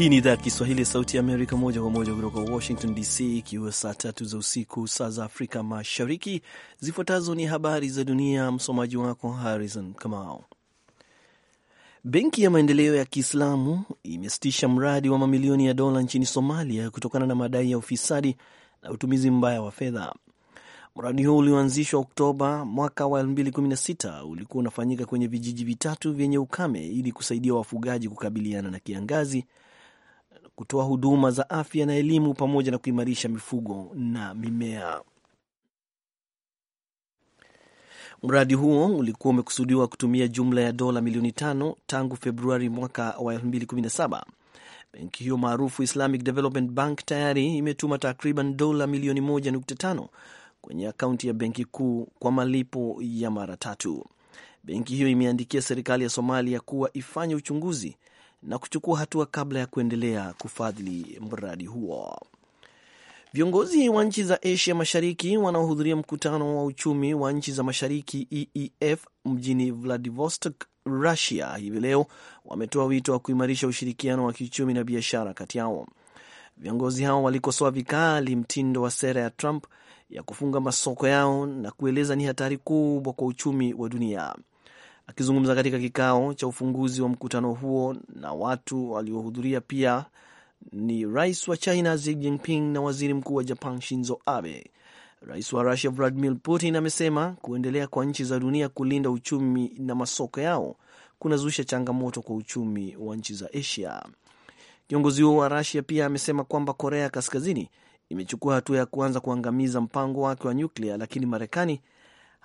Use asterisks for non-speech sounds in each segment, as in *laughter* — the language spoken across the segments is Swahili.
Hii ni idhaa ya Kiswahili ya Sauti ya Amerika, moja kwa moja kutoka Washington DC, ikiwa saa tatu za usiku, saa za Afrika Mashariki. Zifuatazo ni habari za dunia, msomaji wako Harrison Kamao. Benki ya Maendeleo ya Kiislamu imesitisha mradi wa mamilioni ya dola nchini Somalia kutokana na madai ya ufisadi na utumizi mbaya wa fedha. Mradi huo ulioanzishwa Oktoba mwaka wa 2016 ulikuwa unafanyika kwenye vijiji vitatu vyenye ukame ili kusaidia wafugaji kukabiliana na kiangazi kutoa huduma za afya na elimu pamoja na kuimarisha mifugo na mimea. Mradi huo ulikuwa umekusudiwa kutumia jumla ya dola milioni tano tangu Februari mwaka wa 2017. Benki hiyo maarufu Islamic Development Bank tayari imetuma takriban dola milioni 1.5 kwenye akaunti ya benki kuu kwa malipo ya mara tatu. Benki hiyo imeandikia serikali ya Somalia kuwa ifanye uchunguzi na kuchukua hatua kabla ya kuendelea kufadhili mradi huo. Viongozi wa nchi za Asia Mashariki wanaohudhuria mkutano wa uchumi wa nchi za Mashariki EEF mjini Vladivostok, Russia hivi leo wametoa wito wa kuimarisha ushirikiano wa kiuchumi na biashara kati yao. Viongozi hao walikosoa vikali mtindo wa sera ya Trump ya kufunga masoko yao na kueleza ni hatari kubwa kwa uchumi wa dunia. Akizungumza katika kikao cha ufunguzi wa mkutano huo na watu waliohudhuria pia ni rais wa China Xi Jinping na waziri mkuu wa Japan Shinzo Abe. Rais wa Rusia Vladimir Putin amesema kuendelea kwa nchi za dunia kulinda uchumi na masoko yao kunazusha changamoto kwa uchumi wa nchi za Asia. Kiongozi huo wa Rusia pia amesema kwamba Korea Kaskazini imechukua hatua ya kuanza kuangamiza mpango wake wa nyuklia, lakini Marekani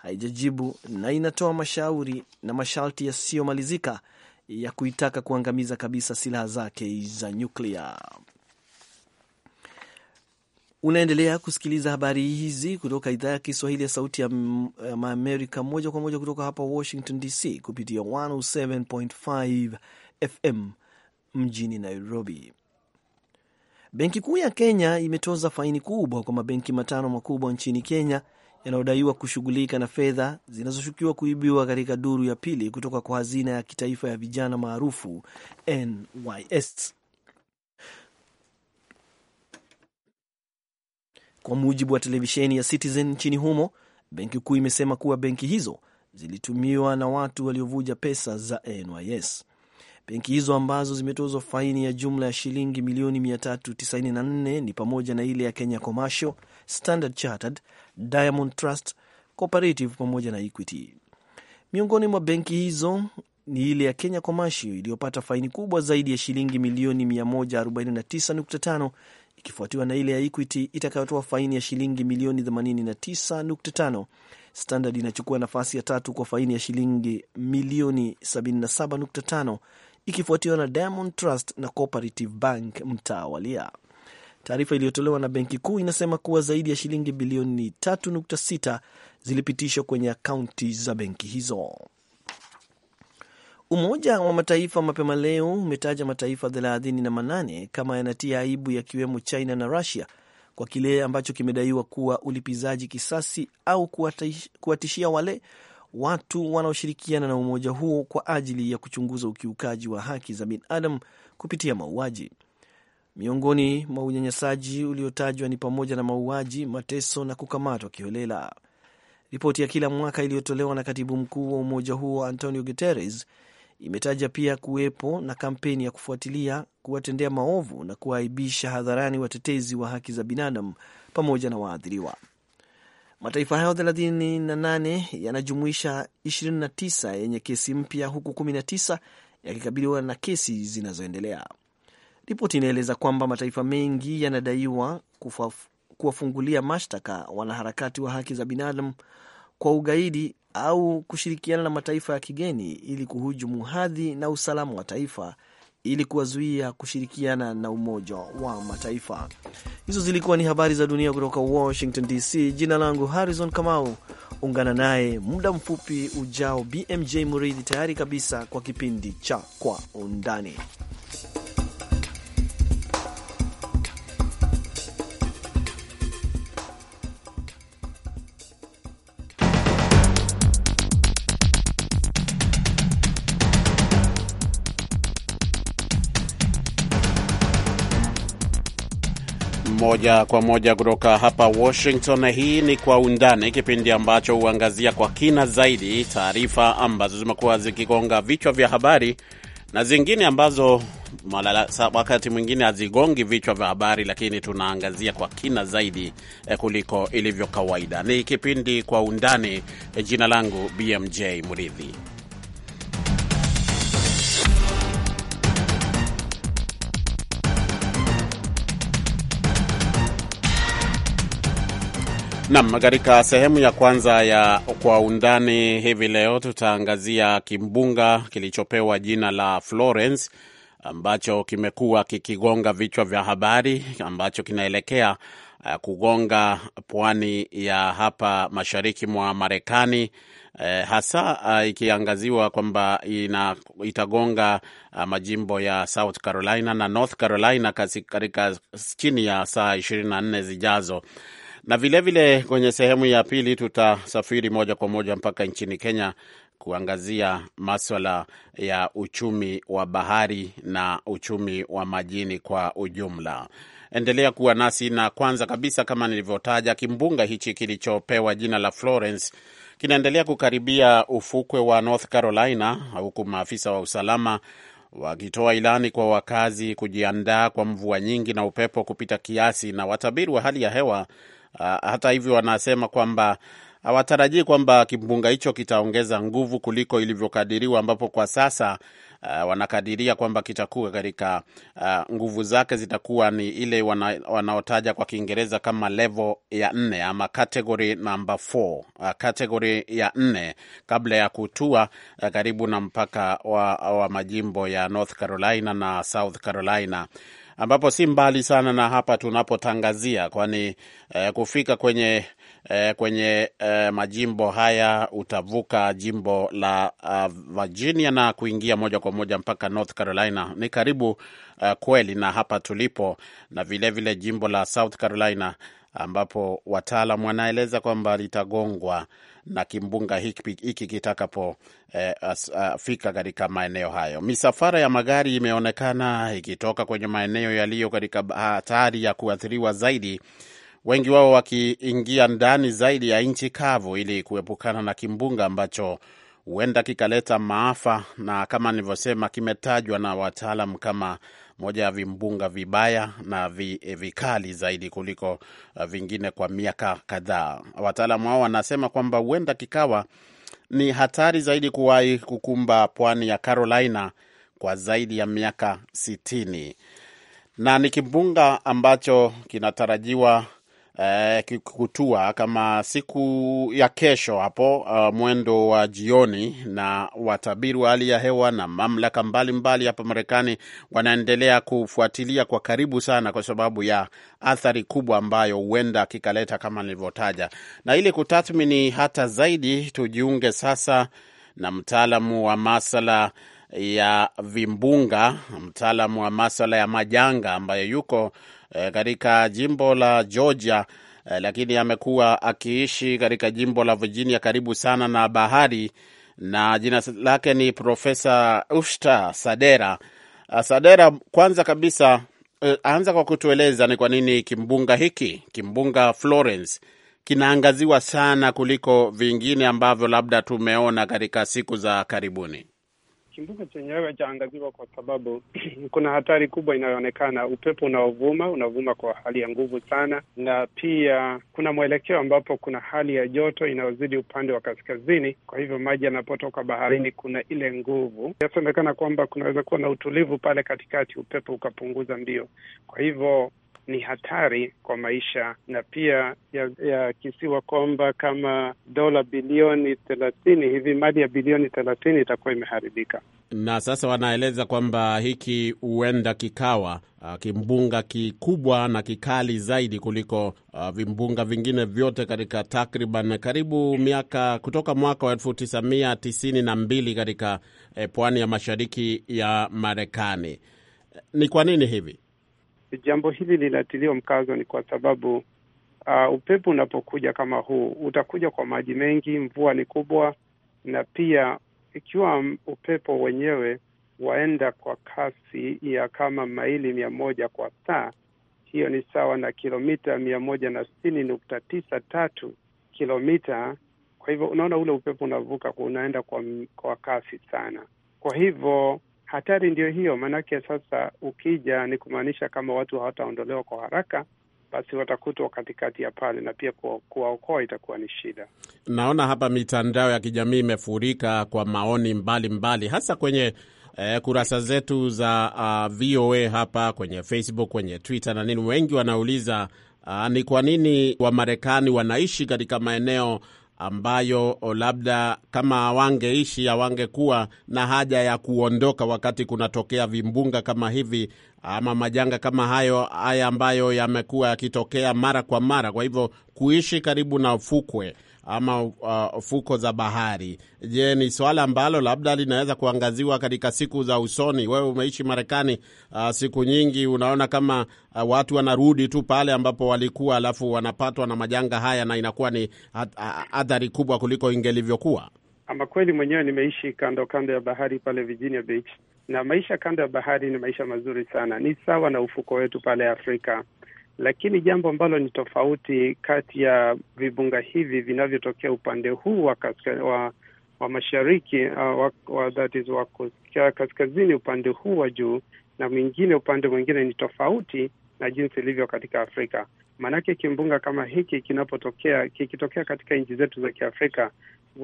haijajibu na inatoa mashauri na masharti yasiyomalizika ya kuitaka kuangamiza kabisa silaha zake za nyuklia. Unaendelea kusikiliza habari hizi kutoka idhaa ya Kiswahili ya Sauti ya Amerika moja kwa moja kutoka hapa Washington DC kupitia 107.5 FM mjini Nairobi. Benki Kuu ya Kenya imetoza faini kubwa kwa mabenki matano makubwa nchini Kenya yanayodaiwa kushughulika na fedha zinazoshukiwa kuibiwa katika duru ya pili kutoka kwa hazina ya kitaifa ya vijana maarufu NYS. Kwa mujibu wa televisheni ya Citizen nchini humo, benki kuu imesema kuwa benki hizo zilitumiwa na watu waliovuja pesa za NYS. Benki hizo ambazo zimetozwa faini ya jumla ya shilingi milioni 394 ni pamoja na ile ya Kenya Commercial, Standard Chartered, Diamond Trust Cooperative pamoja na Equity. Miongoni mwa benki hizo ni ile ya Kenya Commercial iliyopata faini kubwa zaidi ya shilingi milioni 149.5 ikifuatiwa na ile ya Equity itakayotoa faini ya shilingi milioni 89.5. Standard inachukua nafasi ya tatu kwa faini ya shilingi milioni 77.5 ikifuatiwa na Diamond Trust na Cooperative Bank mtawalia. Taarifa iliyotolewa na Benki Kuu inasema kuwa zaidi ya shilingi bilioni 3.6 zilipitishwa kwenye akaunti za benki hizo. Umoja wa Mataifa mapema leo umetaja mataifa 38 kama yanatia aibu yakiwemo China na Rusia kwa kile ambacho kimedaiwa kuwa ulipizaji kisasi au kuwatishia wale watu wanaoshirikiana na umoja huo kwa ajili ya kuchunguza ukiukaji wa haki za binadamu kupitia mauaji. Miongoni mwa unyanyasaji uliotajwa ni pamoja na mauaji, mateso na kukamatwa kiholela. Ripoti ya kila mwaka iliyotolewa na katibu mkuu wa umoja huo Antonio Guterres imetaja pia kuwepo na kampeni ya kufuatilia, kuwatendea maovu na kuwaaibisha hadharani watetezi wa haki za binadamu pamoja na waathiriwa. Mataifa hayo 38 yanajumuisha 29 yenye kesi mpya huku 19 yakikabiliwa na kesi zinazoendelea. Ripoti inaeleza kwamba mataifa mengi yanadaiwa kuwafungulia mashtaka wanaharakati wa haki za binadamu kwa ugaidi au kushirikiana na mataifa ya kigeni ili kuhujumu hadhi na usalama wa taifa ili kuwazuia kushirikiana na Umoja wa Mataifa. Hizo zilikuwa ni habari za dunia kutoka Washington DC. Jina langu Harrison Kamau. Ungana naye muda mfupi ujao, BMJ Muridhi tayari kabisa kwa kipindi cha Kwa Undani. moja kwa moja kutoka hapa Washington. Hii ni Kwa Undani, kipindi ambacho huangazia kwa kina zaidi taarifa ambazo zimekuwa zikigonga vichwa vya habari na zingine ambazo malala, wakati mwingine hazigongi vichwa vya habari, lakini tunaangazia kwa kina zaidi eh, kuliko ilivyo kawaida. Ni kipindi Kwa Undani. Eh, jina langu BMJ Muridhi. Nam, katika sehemu ya kwanza ya Kwa Undani hivi leo tutaangazia kimbunga kilichopewa jina la Florence ambacho kimekuwa kikigonga vichwa vya habari, ambacho kinaelekea eh, kugonga pwani ya hapa mashariki mwa Marekani. Eh, hasa eh, ikiangaziwa kwamba ina, itagonga majimbo ya South Carolina na North Carolina katika chini ya saa nne zijazo, na vilevile vile kwenye sehemu ya pili tutasafiri moja kwa moja mpaka nchini Kenya kuangazia maswala ya uchumi wa bahari na uchumi wa majini kwa ujumla. Endelea kuwa nasi, na kwanza kabisa, kama nilivyotaja, kimbunga hichi kilichopewa jina la Florence kinaendelea kukaribia ufukwe wa North Carolina, huku maafisa wa usalama wakitoa ilani kwa wakazi kujiandaa kwa mvua nyingi na upepo kupita kiasi, na watabiri wa hali ya hewa Ah, hata hivyo, wanasema kwamba hawatarajii kwamba kimbunga hicho kitaongeza nguvu kuliko ilivyokadiriwa, ambapo kwa sasa uh, wanakadiria kwamba kitakuwa katika uh, nguvu zake zitakuwa ni ile wana, wanaotaja kwa Kiingereza kama level ya nne ama category number f uh, category ya nne kabla ya kutua uh, karibu na mpaka wa, wa majimbo ya North Carolina na South Carolina ambapo si mbali sana na hapa tunapotangazia, kwani eh, kufika kwenye eh, kwenye eh, majimbo haya utavuka jimbo la uh, Virginia na kuingia moja kwa moja mpaka North Carolina. Ni karibu uh, kweli na hapa tulipo, na vilevile vile jimbo la South Carolina ambapo wataalam wanaeleza kwamba litagongwa na kimbunga hiki, hiki kitakapofika eh, katika maeneo hayo. Misafara ya magari imeonekana ikitoka kwenye maeneo yaliyo katika hatari ya kuathiriwa zaidi, wengi wao wakiingia ndani zaidi ya nchi kavu ili kuepukana na kimbunga ambacho huenda kikaleta maafa na kama nilivyosema, kimetajwa na wataalam kama moja ya vimbunga vibaya na eh, vikali zaidi kuliko eh, vingine kwa miaka kadhaa. Wataalamu hao wanasema kwamba huenda kikawa ni hatari zaidi kuwahi kukumba pwani ya Carolina kwa zaidi ya miaka sitini na ni kimbunga ambacho kinatarajiwa eh, kutua kama siku ya kesho hapo, uh, mwendo wa jioni, na watabiri wa hali ya hewa na mamlaka mbalimbali hapa Marekani wanaendelea kufuatilia kwa karibu sana, kwa sababu ya athari kubwa ambayo huenda kikaleta kama nilivyotaja. Na ili kutathmini hata zaidi, tujiunge sasa na mtaalamu wa masala ya vimbunga, mtaalamu wa masala ya majanga ambayo yuko Eh, katika jimbo la Georgia, eh, lakini amekuwa akiishi katika jimbo la Virginia karibu sana na bahari, na jina lake ni Profesa Ushta Sadera. Ah, Sadera, kwanza kabisa eh, anza kwa kutueleza ni kwa nini kimbunga hiki, kimbunga Florence, kinaangaziwa sana kuliko vingine ambavyo labda tumeona katika siku za karibuni kichimbuko chenyewe cha kwa sababu *clears throat* kuna hatari kubwa inayoonekana. Upepo unaovuma unavuma kwa hali ya nguvu sana, na pia kuna mwelekeo ambapo kuna hali ya joto inayozidi upande wa kaskazini. Kwa hivyo maji yanapotoka baharini, kuna ile nguvu inasemekana kwamba kunaweza kuwa na utulivu pale katikati, upepo ukapunguza mbio. Kwa hivyo ni hatari kwa maisha na pia yakisiwa ya kwamba kama dola bilioni thelathini hivi mali ya bilioni thelathini itakuwa imeharibika. Na sasa wanaeleza kwamba hiki huenda kikawa uh, kimbunga kikubwa na kikali zaidi kuliko uh, vimbunga vingine vyote katika takriban karibu miaka kutoka mwaka wa elfu tisa mia tisini na mbili katika eh, pwani ya mashariki ya Marekani. Ni kwa nini hivi? jambo hili linatiliwa mkazo ni kwa sababu uh, upepo unapokuja kama huu utakuja kwa maji mengi, mvua ni kubwa, na pia ikiwa upepo wenyewe waenda kwa kasi ya kama maili mia moja kwa saa, hiyo ni sawa na kilomita mia moja na sitini nukta tisa tatu kilomita kwa hivyo unaona ule upepo unavuka unaenda kwa, kwa kasi sana. Kwa hivyo Hatari ndio hiyo, maanake sasa ukija ni kumaanisha kama watu hawataondolewa kwa haraka basi watakutwa katikati ya pale na pia kuwaokoa itakuwa ni shida. Naona hapa mitandao ya kijamii imefurika kwa maoni mbalimbali mbali, hasa kwenye eh, kurasa zetu za uh, ah, VOA hapa kwenye Facebook, kwenye Twitter na nini. Wengi wanauliza uh, ni kwa nini Wamarekani wanaishi katika maeneo ambayo labda kama awangeishi awangekuwa na haja ya kuondoka wakati kunatokea vimbunga kama hivi ama majanga kama hayo haya ambayo yamekuwa yakitokea mara kwa mara. Kwa hivyo kuishi karibu na ufukwe ama uh, fuko za bahari. Je, ni swala ambalo labda linaweza kuangaziwa katika siku za usoni? Wewe umeishi Marekani uh, siku nyingi, unaona kama uh, watu wanarudi tu pale ambapo walikuwa, alafu wanapatwa na majanga haya na inakuwa ni athari kubwa kuliko ingelivyokuwa. Ama kweli mwenyewe nimeishi kando kando ya bahari pale Virginia Beach, na maisha kando ya bahari ni maisha mazuri sana, ni sawa na ufuko wetu pale Afrika lakini jambo ambalo ni tofauti kati ya vibunga hivi vinavyotokea upande huu wa, wa, wa mashariki uh, wa, wa, that is wa kaskazini upande huu wa juu na mwingine upande mwingine ni tofauti na jinsi ilivyo katika Afrika. Maanake kimbunga kama hiki kinapotokea, kikitokea katika nchi zetu za Kiafrika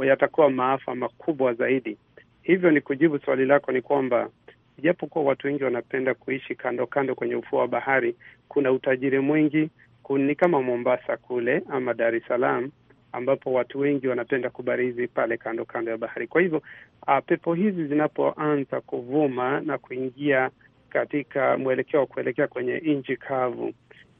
yatakuwa maafa makubwa zaidi. Hivyo ni kujibu swali lako, ni kwamba Ijapokuwa watu wengi wanapenda kuishi kando kando kwenye ufuo wa bahari, kuna utajiri mwingi. Ni kama Mombasa kule ama Dar es Salaam, ambapo watu wengi wanapenda kubarizi pale kando kando ya bahari. Kwa hivyo ah, pepo hizi zinapoanza kuvuma na kuingia katika mwelekeo wa kuelekea kwenye nchi kavu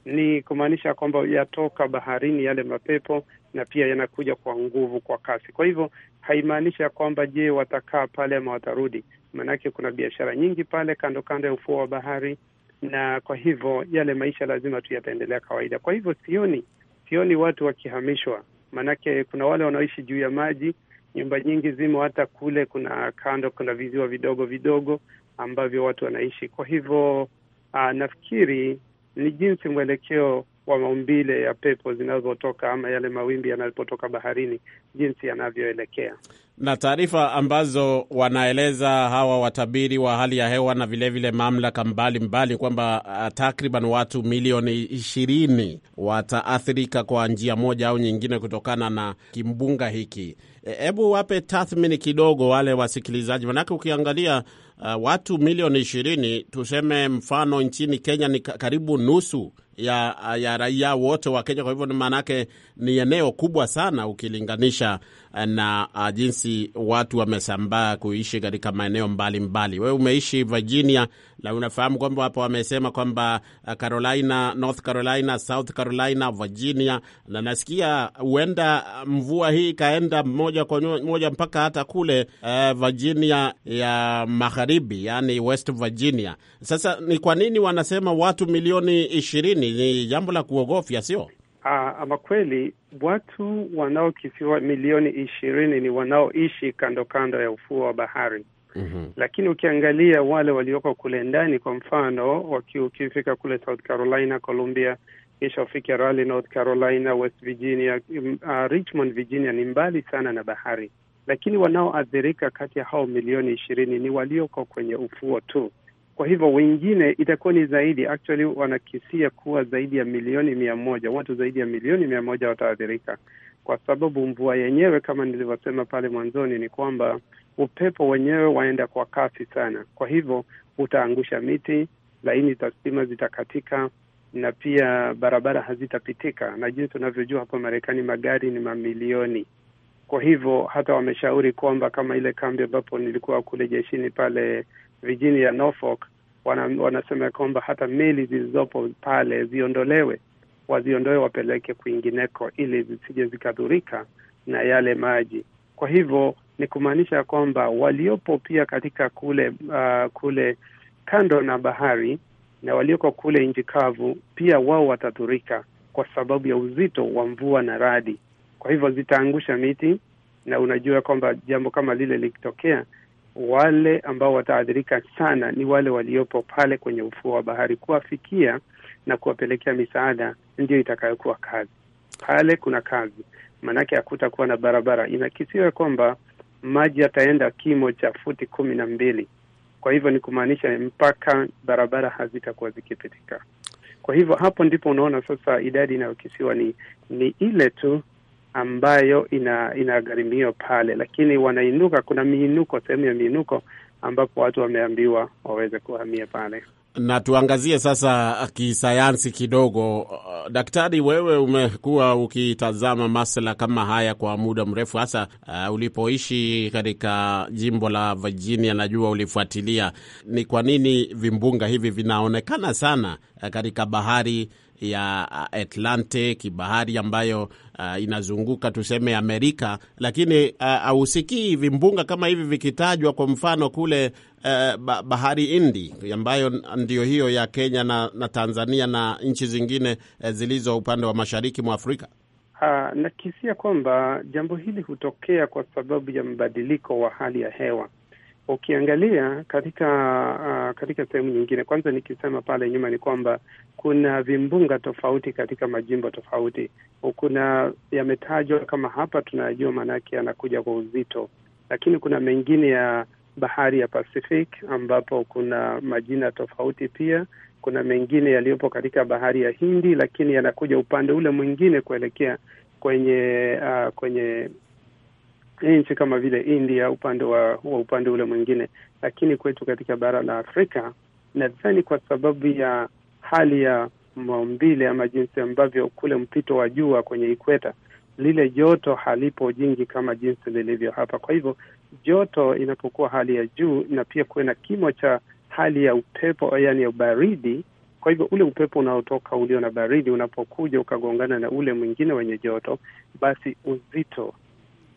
ni kumaanisha kwamba yatoka baharini yale mapepo, na pia yanakuja kwa nguvu, kwa kasi. Kwa hivyo haimaanisha ya kwamba je, watakaa pale ama watarudi, maanake kuna biashara nyingi pale kando kando ya ufuo wa bahari, na kwa hivyo yale maisha lazima tu yataendelea kawaida. Kwa hivyo sioni, sioni watu wakihamishwa, maanake kuna wale wanaoishi juu ya maji. Nyumba nyingi zimo hata kule, kuna kando, kuna viziwa vidogo vidogo ambavyo watu wanaishi. Kwa hivyo aa, ah, nafikiri ni jinsi mwelekeo wa maumbile ya pepo zinazotoka ama yale mawimbi yanapotoka baharini jinsi yanavyoelekea. Na taarifa ambazo wanaeleza hawa watabiri wa hali ya hewa na vilevile vile mamlaka mbalimbali kwamba uh, takriban watu milioni ishirini wataathirika kwa njia moja au nyingine kutokana na kimbunga hiki. E, hebu wape tathmini kidogo wale wasikilizaji, manake ukiangalia uh, watu milioni ishirini, tuseme mfano nchini Kenya ni karibu nusu ya, ya raia wote wa Kenya. Kwa hivyo maanake ni eneo kubwa sana ukilinganisha na ah, jinsi watu wamesambaa kuishi katika maeneo mbalimbali. Wewe umeishi Virginia na unafahamu kwamba hapo wamesema kwamba ah, Carolina, North Carolina, South Carolina, Virginia, na nasikia huenda ah, mvua hii ikaenda moja kwa moja mpaka hata kule uh, Virginia ya magharibi, yani West Virginia. Sasa ni kwa nini wanasema watu milioni ishirini? Ni jambo la kuogofya, sio? Uh, ama kweli watu wanaokisiwa milioni ishirini ni wanaoishi kando kando ya ufuo wa bahari. Mm -hmm. Lakini ukiangalia wale walioko kule ndani, kwa mfano ukifika kule South Carolina, Columbia, kisha ufike Raleigh, North Carolina, West Virginia, uh, Richmond, Virginia ni mbali sana na bahari, lakini wanaoathirika kati ya hao milioni ishirini ni walioko kwenye ufuo tu. Kwa hivyo wengine itakuwa ni zaidi, actually wanakisia kuwa zaidi ya milioni mia moja watu zaidi ya milioni mia moja wataathirika, kwa sababu mvua yenyewe kama nilivyosema pale mwanzoni ni kwamba upepo wenyewe waenda kwa kasi sana, kwa hivyo utaangusha miti, laini za stima zitakatika na pia barabara hazitapitika, na jinsi unavyojua hapa Marekani magari ni mamilioni. Kwa hivyo hata wameshauri kwamba kama ile kambi ambapo nilikuwa kule jeshini pale Virginia ya Norfolk wana, wanasema kwamba hata meli zilizopo pale ziondolewe, waziondoe wapeleke kwingineko, ili zisije zikadhurika na yale maji. Kwa hivyo ni kumaanisha kwamba waliopo pia katika kule uh, kule kando na bahari na walioko kule nchi kavu pia wao watadhurika kwa sababu ya uzito wa mvua na radi. Kwa hivyo zitaangusha miti, na unajua kwamba jambo kama lile likitokea wale ambao wataadhirika sana ni wale waliopo pale kwenye ufuo wa bahari. Kuwafikia na kuwapelekea misaada ndio itakayokuwa kazi pale. Kuna kazi, maanake hakutakuwa na barabara. Inakisiwa kwamba maji yataenda kimo cha futi kumi na mbili, kwa hivyo ni kumaanisha mpaka barabara hazitakuwa zikipitika. Kwa hivyo hapo ndipo unaona sasa idadi inayokisiwa ni, ni ile tu ambayo ina garimio pale, lakini wanainuka. Kuna miinuko, sehemu ya miinuko ambapo watu wameambiwa waweze kuhamia pale. Na tuangazie sasa kisayansi kidogo. Daktari, wewe umekuwa ukitazama masuala kama haya kwa muda mrefu, hasa uh, ulipoishi katika jimbo la Virginia, najua ulifuatilia ni kwa nini vimbunga hivi vinaonekana sana uh, katika bahari ya uh, Atlantic, bahari ambayo uh, inazunguka tuseme Amerika, lakini uh, hausikii uh, vimbunga kama hivi vikitajwa, kwa mfano kule uh, bahari Hindi ambayo ndio hiyo ya Kenya na, na Tanzania na nchi zingine uh, zilizo upande wa mashariki mwa Afrika. Uh, nakisia kwamba jambo hili hutokea kwa sababu ya mbadiliko wa hali ya hewa ukiangalia katika uh, katika sehemu nyingine, kwanza nikisema pale nyuma ni kwamba kuna vimbunga tofauti katika majimbo tofauti. Kuna yametajwa kama hapa tunayajua, maanake yanakuja kwa uzito, lakini kuna mengine ya bahari ya Pacific ambapo kuna majina tofauti pia. Kuna mengine yaliyopo katika bahari ya Hindi, lakini yanakuja upande ule mwingine kuelekea kwenye uh, kwenye nchi kama vile India upande wa, wa upande ule mwingine, lakini kwetu katika bara la Afrika nadhani kwa sababu ya hali ya maumbile ama jinsi ambavyo kule mpito wa jua kwenye ikweta lile joto halipo jingi kama jinsi lilivyo hapa. Kwa hivyo joto inapokuwa hali ya juu na pia kuwe na kimo cha hali ya upepo, yani ya baridi. Kwa hivyo ule upepo unaotoka ulio na baridi unapokuja ukagongana na ule mwingine wenye joto, basi uzito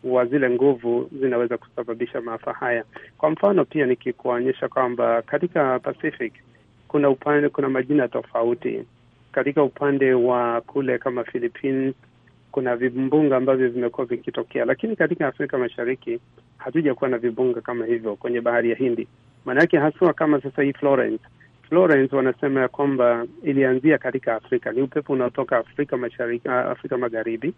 wa zile nguvu zinaweza kusababisha maafa haya. Kwa mfano pia nikikuonyesha kwamba katika Pacific kuna upande, kuna majina tofauti katika upande wa kule kama Philippines kuna vimbunga ambavyo vimekuwa vikitokea, lakini katika Afrika Mashariki hatujakuwa na vibunga kama hivyo kwenye bahari ya Hindi. Maanake haswa kama sasa hii Florence, Florence wanasema ya kwamba ilianzia katika Afrika, ni upepo unaotoka Afrika Mashariki, Afrika Magharibi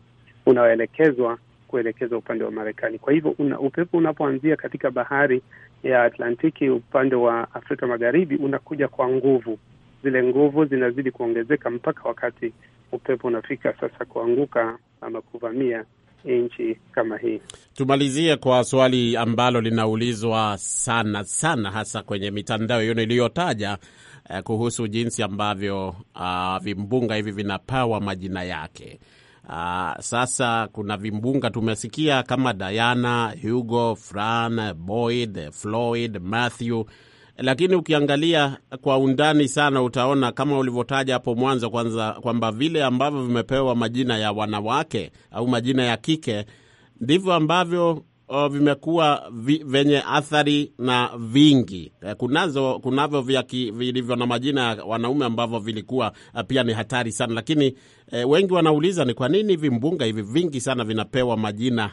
unaoelekezwa kuelekeza upande wa Marekani. Kwa hivyo una, upepo unapoanzia katika bahari ya Atlantiki upande wa Afrika Magharibi unakuja kwa nguvu, zile nguvu zinazidi kuongezeka mpaka wakati upepo unafika sasa kuanguka ama kuvamia nchi kama hii. Tumalizie kwa swali ambalo linaulizwa sana sana, hasa kwenye mitandao hiyo niliyotaja, eh, kuhusu jinsi ambavyo uh, vimbunga hivi vinapawa majina yake. Aa, ah, sasa kuna vimbunga tumesikia kama Diana, Hugo, Fran, Boyd, Floyd, Matthew, lakini ukiangalia kwa undani sana utaona kama ulivyotaja hapo mwanzo, kwanza kwamba vile ambavyo vimepewa majina ya wanawake au majina ya kike ndivyo ambavyo o, vimekuwa vi, venye athari na vingi eh, kunazo kunavyo vilivyo na majina ya wanaume ambavyo vilikuwa eh, pia ni hatari sana, lakini e, wengi wanauliza ni kwa nini vimbunga hivi vingi sana vinapewa majina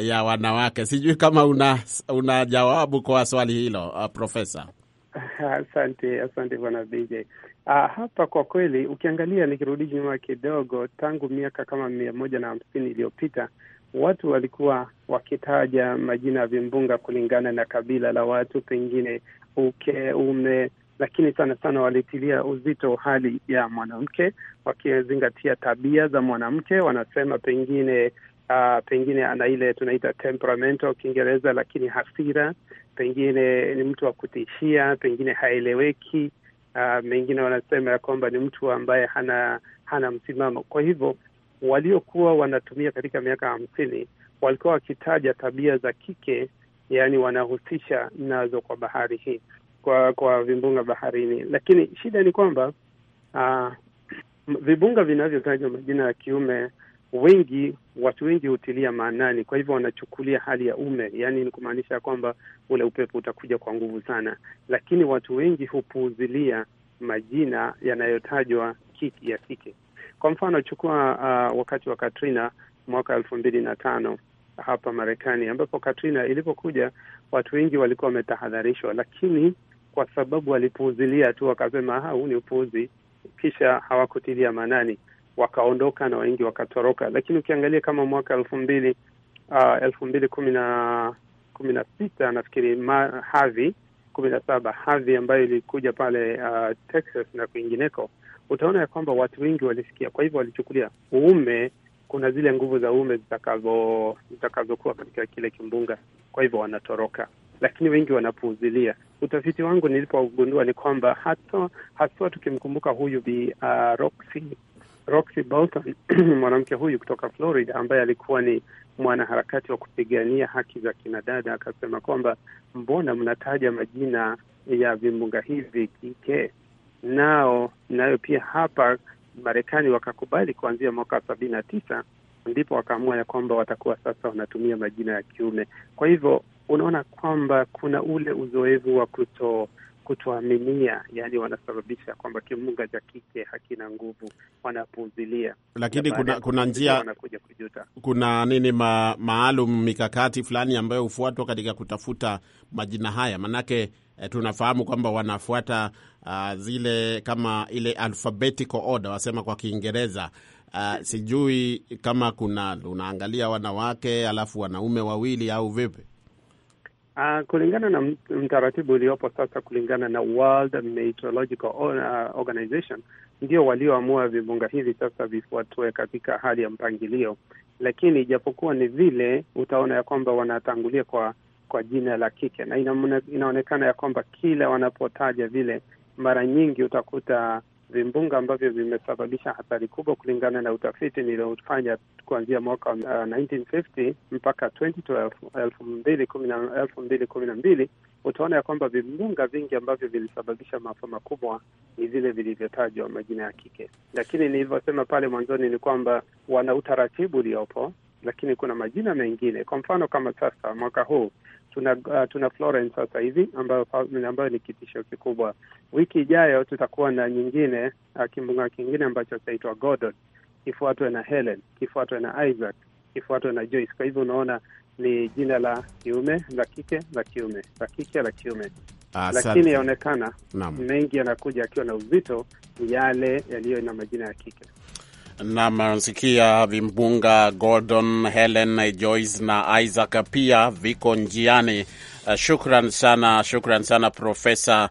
ya wanawake. Sijui kama una, una jawabu kwa swali hilo Profesa. Asante, asante bwana BJ. Uh, ah, hapa kwa kweli ukiangalia, nikirudi nyuma kidogo, tangu miaka kama mia moja na hamsini iliyopita watu walikuwa wakitaja majina ya vimbunga kulingana na kabila la watu, pengine uke, ume, lakini sana sana walitilia uzito hali ya mwanamke, wakizingatia tabia za mwanamke. Wanasema pengine Uh, pengine ana ile tunaita temperamento Kiingereza, lakini hasira, pengine ni mtu wa kutishia, pengine haeleweki. Uh, mengine wanasema ya kwamba ni mtu ambaye hana hana msimamo. Kwa hivyo waliokuwa wanatumia katika miaka hamsini walikuwa wakitaja tabia za kike, yaani wanahusisha nazo kwa bahari hii kwa kwa vimbunga baharini. Lakini shida ni kwamba uh, ah, vibunga vinavyotajwa majina ya kiume wengi watu wengi hutilia maanani, kwa hivyo wanachukulia hali ya ume, yaani ni kumaanisha kwamba ule upepo utakuja kwa nguvu sana, lakini watu wengi hupuuzilia majina yanayotajwa kiki ya kike. Kwa mfano chukua uh, wakati wa Katrina mwaka elfu mbili na tano hapa Marekani, ambapo Katrina ilipokuja watu wengi walikuwa wametahadharishwa, lakini kwa sababu walipuuzilia tu, wakasema ah, huu ni upuuzi, kisha hawakutilia maanani, wakaondoka na wengi wakatoroka. Lakini ukiangalia kama mwaka elfu mbili uh, elfu mbili kumi na kumi na sita nafikiri Harvey kumi na saba Harvey ambayo ilikuja pale uh, Texas na kwingineko utaona ya kwamba watu wengi walisikia. Kwa hivyo walichukulia uume, kuna zile nguvu za uume zitakazokuwa katika kile kimbunga, kwa hivyo wanatoroka, lakini wengi wanapuuzilia. Utafiti wangu nilipogundua ni kwamba hata haswa tukimkumbuka huyu bi uh, Roxy Roxy Bolton *clears throat* mwanamke huyu kutoka Florida ambaye alikuwa ni mwanaharakati wa kupigania haki za kinadada, akasema kwamba mbona mnataja majina ya vimbunga hivi kike nao nayo pia hapa Marekani wakakubali kuanzia mwaka sabini na tisa ndipo wakaamua ya kwamba watakuwa sasa wanatumia majina ya kiume. Kwa hivyo unaona kwamba kuna ule uzoefu wa kuto kutoaminia, yani wanasababisha kwamba kimunga cha kike hakina nguvu, wanapuuzilia. Lakini kuna, kuna njia wanakuja kujuta. Kuna nini ma, maalum mikakati fulani ambayo hufuatwa katika kutafuta majina haya, manake e, tunafahamu kwamba wanafuata uh, zile kama ile alphabetical order wasema kwa Kiingereza. Uh, sijui kama kuna unaangalia wanawake alafu wanaume wawili au vipi? Uh, kulingana na mtaratibu uliopo sasa, kulingana na World Meteorological Organization ndio walioamua vimbunga hivi sasa vifuatwe katika hali ya mpangilio, lakini ijapokuwa ni vile, utaona ya kwamba wanatangulia kwa kwa jina la kike, na inaonekana ya kwamba kila wanapotaja vile, mara nyingi utakuta vimbunga ambavyo vimesababisha hatari kubwa kulingana na utafiti niliofanya kuanzia mwaka wa uh, 1950 mpaka 2012 elfu mbili kumi na mbili, utaona ya kwamba vimbunga vingi ambavyo vilisababisha maafa makubwa ni vile vilivyotajwa majina ya kike. Lakini nilivyosema pale mwanzoni ni kwamba wana utaratibu uliopo, lakini kuna majina mengine. Kwa mfano kama sasa mwaka huu tuna uh, tuna Florence sasa hivi ambayo ambayo ni kitisho kikubwa. Wiki ijayo tutakuwa na nyingine uh, kimbunga kingine ambacho kitaitwa Gordon, kifuatwe na Helen, kifuatwe na Isaac, kifuatwe na Joyce. Kwa hivyo unaona ni jina la kiume la kike la kiume la kike la kiume lakini yaonekana mengi yanakuja akiwa na uzito, ni yale yaliyo na majina ya kike. Namsikia vimbunga Gordon, Helen, Joyce na Isaac pia viko njiani. Uh, shukran sana, shukran sana Profesa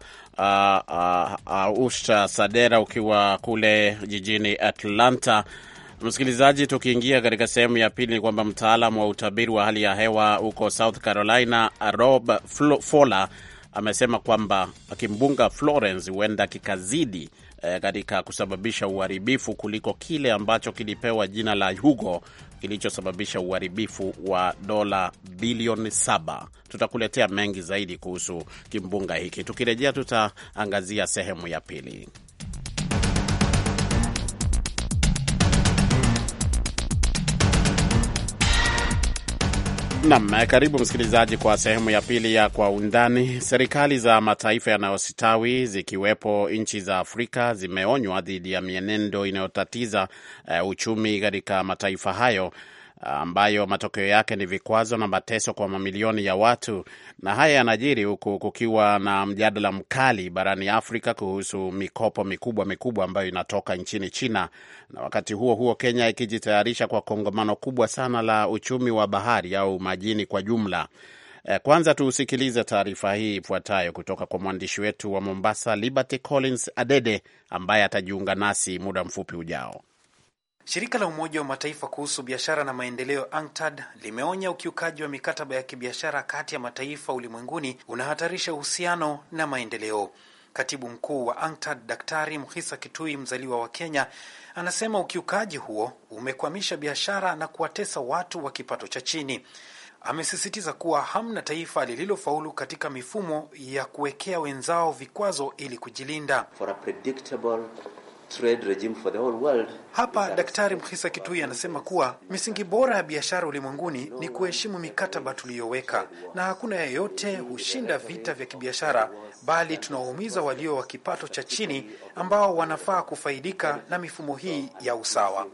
Ausha uh, uh, Sadera ukiwa kule jijini Atlanta. Msikilizaji, tukiingia katika sehemu ya pili, ni kwamba mtaalamu wa utabiri wa hali ya hewa huko South Carolina Rob Fowler amesema kwamba kimbunga Florence huenda kikazidi eh, katika kusababisha uharibifu kuliko kile ambacho kilipewa jina la Hugo kilichosababisha uharibifu wa dola bilioni saba. Tutakuletea mengi zaidi kuhusu kimbunga hiki. Tukirejea tutaangazia sehemu ya pili. Nam, karibu msikilizaji kwa sehemu ya pili ya Kwa Undani. Serikali za mataifa yanayostawi zikiwepo nchi za Afrika zimeonywa dhidi ya mienendo inayotatiza uh, uchumi katika mataifa hayo ambayo matokeo yake ni vikwazo na mateso kwa mamilioni ya watu. Na haya yanajiri huku kukiwa na mjadala mkali barani Afrika kuhusu mikopo mikubwa mikubwa ambayo inatoka nchini China, na wakati huo huo Kenya ikijitayarisha kwa kongamano kubwa sana la uchumi wa bahari au majini kwa jumla. Eh, kwanza tuusikilize taarifa hii ifuatayo kutoka kwa mwandishi wetu wa Mombasa, Liberty Collins Adede, ambaye atajiunga nasi muda mfupi ujao. Shirika la Umoja wa Mataifa kuhusu biashara na maendeleo UNCTAD limeonya ukiukaji wa mikataba ya kibiashara kati ya mataifa ulimwenguni unahatarisha uhusiano na maendeleo. Katibu mkuu wa UNCTAD Daktari Mhisa Kitui, mzaliwa wa Kenya, anasema ukiukaji huo umekwamisha biashara na kuwatesa watu wa kipato cha chini. Amesisitiza kuwa hamna taifa lililofaulu katika mifumo ya kuwekea wenzao vikwazo ili kujilinda For a predictable trade regime for the whole world. Hapa Daktari Mkhisa Kitui anasema kuwa misingi bora ya biashara ulimwenguni ni kuheshimu mikataba tuliyoweka, na hakuna yeyote hushinda vita vya kibiashara, bali tunawaumiza walio wa kipato cha chini ambao wanafaa kufaidika na mifumo hii ya usawa.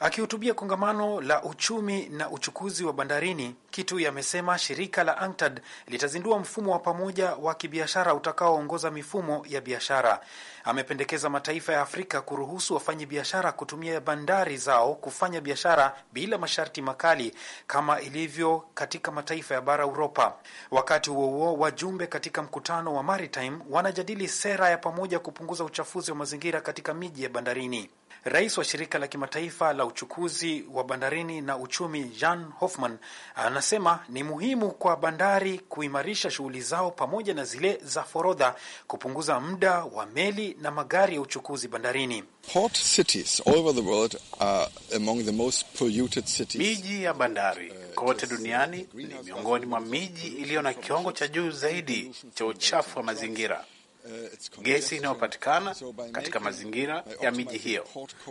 Akihutubia kongamano la uchumi na uchukuzi wa bandarini, Kitui amesema shirika la ANCTAD litazindua mfumo wa pamoja wa kibiashara utakaoongoza mifumo ya biashara. Amependekeza mataifa ya Afrika kuruhusu wafanyi biashara kutumia bandari zao kufanya biashara bila masharti makali kama ilivyo katika mataifa ya bara Uropa. Wakati huo huo, wajumbe katika mkutano wa maritime wanajadili sera biashara ya pamoja kupunguza uchafuzi wa mazingira katika miji ya bandarini. Rais wa shirika la kimataifa la uchukuzi wa bandarini na uchumi Jan Hoffman anasema ni muhimu kwa bandari kuimarisha shughuli zao pamoja na zile za forodha, kupunguza muda wa meli na magari ya uchukuzi bandarini. Miji ya bandari uh, kote duniani ni miongoni mwa miji iliyo na kiwango cha juu zaidi cha uchafu wa mazingira gesi inayopatikana katika mazingira ya miji hiyo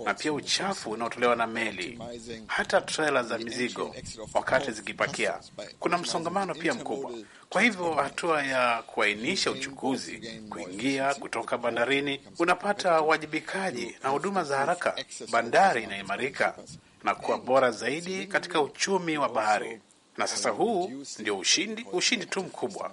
na pia uchafu unaotolewa na meli, hata trela za mizigo wakati zikipakia. Kuna msongamano pia mkubwa. Kwa hivyo hatua ya kuainisha uchukuzi, kuingia kutoka bandarini, unapata uwajibikaji na huduma za haraka. Bandari inaimarika na kuwa bora zaidi katika uchumi wa bahari na sasa huu ndio ushindi, ushindi tu mkubwa,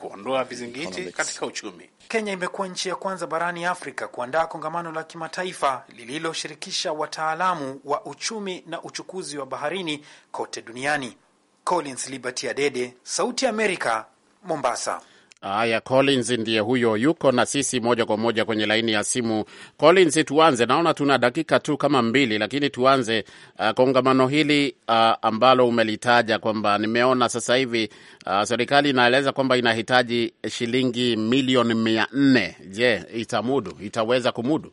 kuondoa vizingiti katika uchumi. Kenya imekuwa nchi ya kwanza barani Afrika kuandaa kongamano la kimataifa lililoshirikisha wataalamu wa uchumi na uchukuzi wa baharini kote duniani. Collins Liberty Adede, Sauti ya Amerika, Mombasa. Haya, Collins ndiye huyo, yuko na sisi moja kwa moja kwenye laini ya simu. Collins, tuanze, naona tuna dakika tu kama mbili, lakini tuanze uh, kongamano hili uh, ambalo umelitaja kwamba nimeona sasa hivi uh, serikali inaeleza kwamba inahitaji shilingi milioni mia nne. Je, itamudu, itaweza kumudu?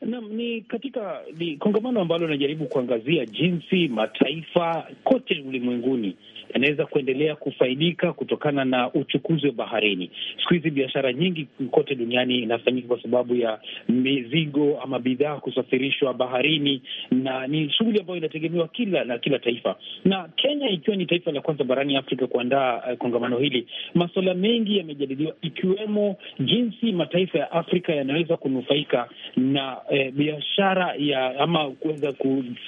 Naam, ni katika ni kongamano ambalo linajaribu kuangazia jinsi mataifa kote ulimwenguni yanaweza kuendelea kufaidika kutokana na uchukuzi wa baharini. Siku hizi biashara nyingi kote duniani inafanyika kwa sababu ya mizigo ama bidhaa kusafirishwa baharini, na ni shughuli ambayo inategemewa kila na kila taifa, na Kenya ikiwa ni taifa la kwanza barani Afrika kuandaa uh, kongamano hili, masuala mengi yamejadiliwa, ikiwemo jinsi mataifa ya Afrika yanaweza kunufaika na eh, biashara ya ama kuweza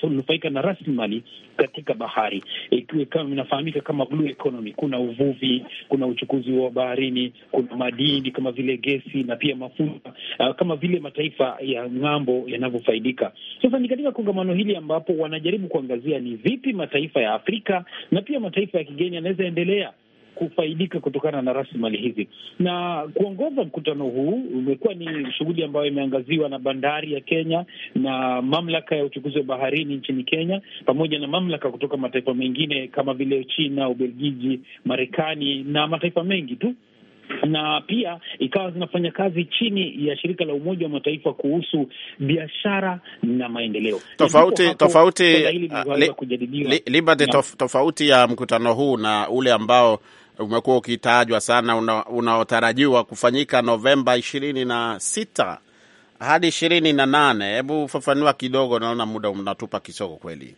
kunufaika na rasilimali katika bahari. E, kama inafahamika inafahamika kama blue economy. Kuna uvuvi, kuna uchukuzi wa baharini, kuna madini kama vile gesi na pia mafuta uh, kama vile mataifa ya ng'ambo yanavyofaidika. Sasa ni katika kongamano hili ambapo wanajaribu kuangazia ni vipi mataifa ya Afrika na pia mataifa ya kigeni yanaweza endelea kufaidika kutokana na rasilimali hizi. Na kuongoza mkutano huu umekuwa ni shughuli ambayo imeangaziwa na bandari ya Kenya na mamlaka ya uchukuzi wa baharini nchini Kenya pamoja na mamlaka kutoka mataifa mengine kama vile China, Ubelgiji, Marekani na mataifa mengi tu na pia ikawa zinafanya kazi chini ya shirika la Umoja wa Mataifa kuhusu biashara na maendeleo. Tofauti tofauti ah, li, li, tof, tofauti ya mkutano huu na ule ambao umekuwa ukitajwa sana unaotarajiwa una kufanyika Novemba ishirini na sita hadi ishirini na nane. Hebu fafanua kidogo, naona muda unatupa kisogo kweli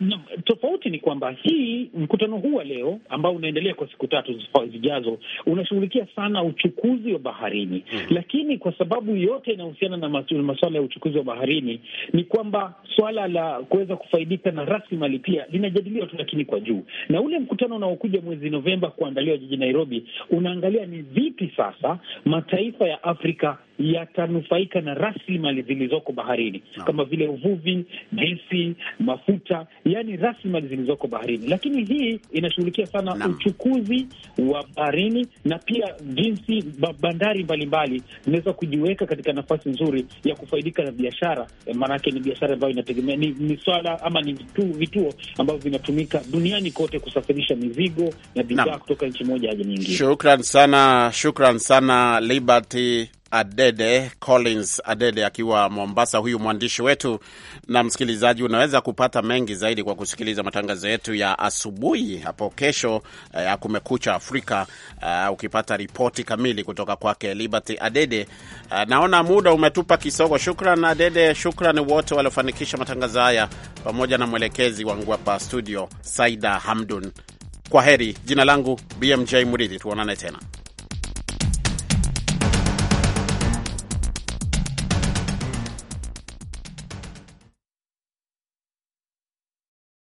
na tofauti ni kwamba hii mkutano huu wa leo ambao unaendelea kwa siku tatu zijazo unashughulikia sana uchukuzi wa baharini mm -hmm. Lakini kwa sababu yote inahusiana na masuala ya uchukuzi wa baharini, ni kwamba swala la kuweza kufaidika na rasilimali pia linajadiliwa tu, lakini kwa juu. Na ule mkutano unaokuja mwezi Novemba kuandaliwa jijini Nairobi unaangalia ni vipi sasa mataifa ya Afrika yatanufaika na rasilimali zilizoko baharini no. kama vile uvuvi, gesi, mafuta, yani rasilimali zilizoko baharini. Lakini hii inashughulikia sana no. uchukuzi wa baharini na pia jinsi bandari mbalimbali zinaweza kujiweka katika nafasi nzuri ya kufaidika na biashara, e, maanake ni biashara ambayo inategemea ni, ni swala ama ni vitu, vituo ambavyo vinatumika duniani kote kusafirisha mizigo na bidhaa no. kutoka nchi moja hadi nyingine. Shukran sana, shukran sana Liberty Adede Collins Adede akiwa Mombasa, huyu mwandishi wetu. Na msikilizaji, unaweza kupata mengi zaidi kwa kusikiliza matangazo yetu ya asubuhi hapo kesho eh, ya Kumekucha Afrika, uh, ukipata ripoti kamili kutoka kwake Liberty Adede. Uh, naona muda umetupa kisogo. Shukran Adede, shukran wote waliofanikisha matangazo haya pamoja na mwelekezi wangu hapa studio Saida Hamdun. Kwa heri, jina langu BMJ mridhi tuonane tena.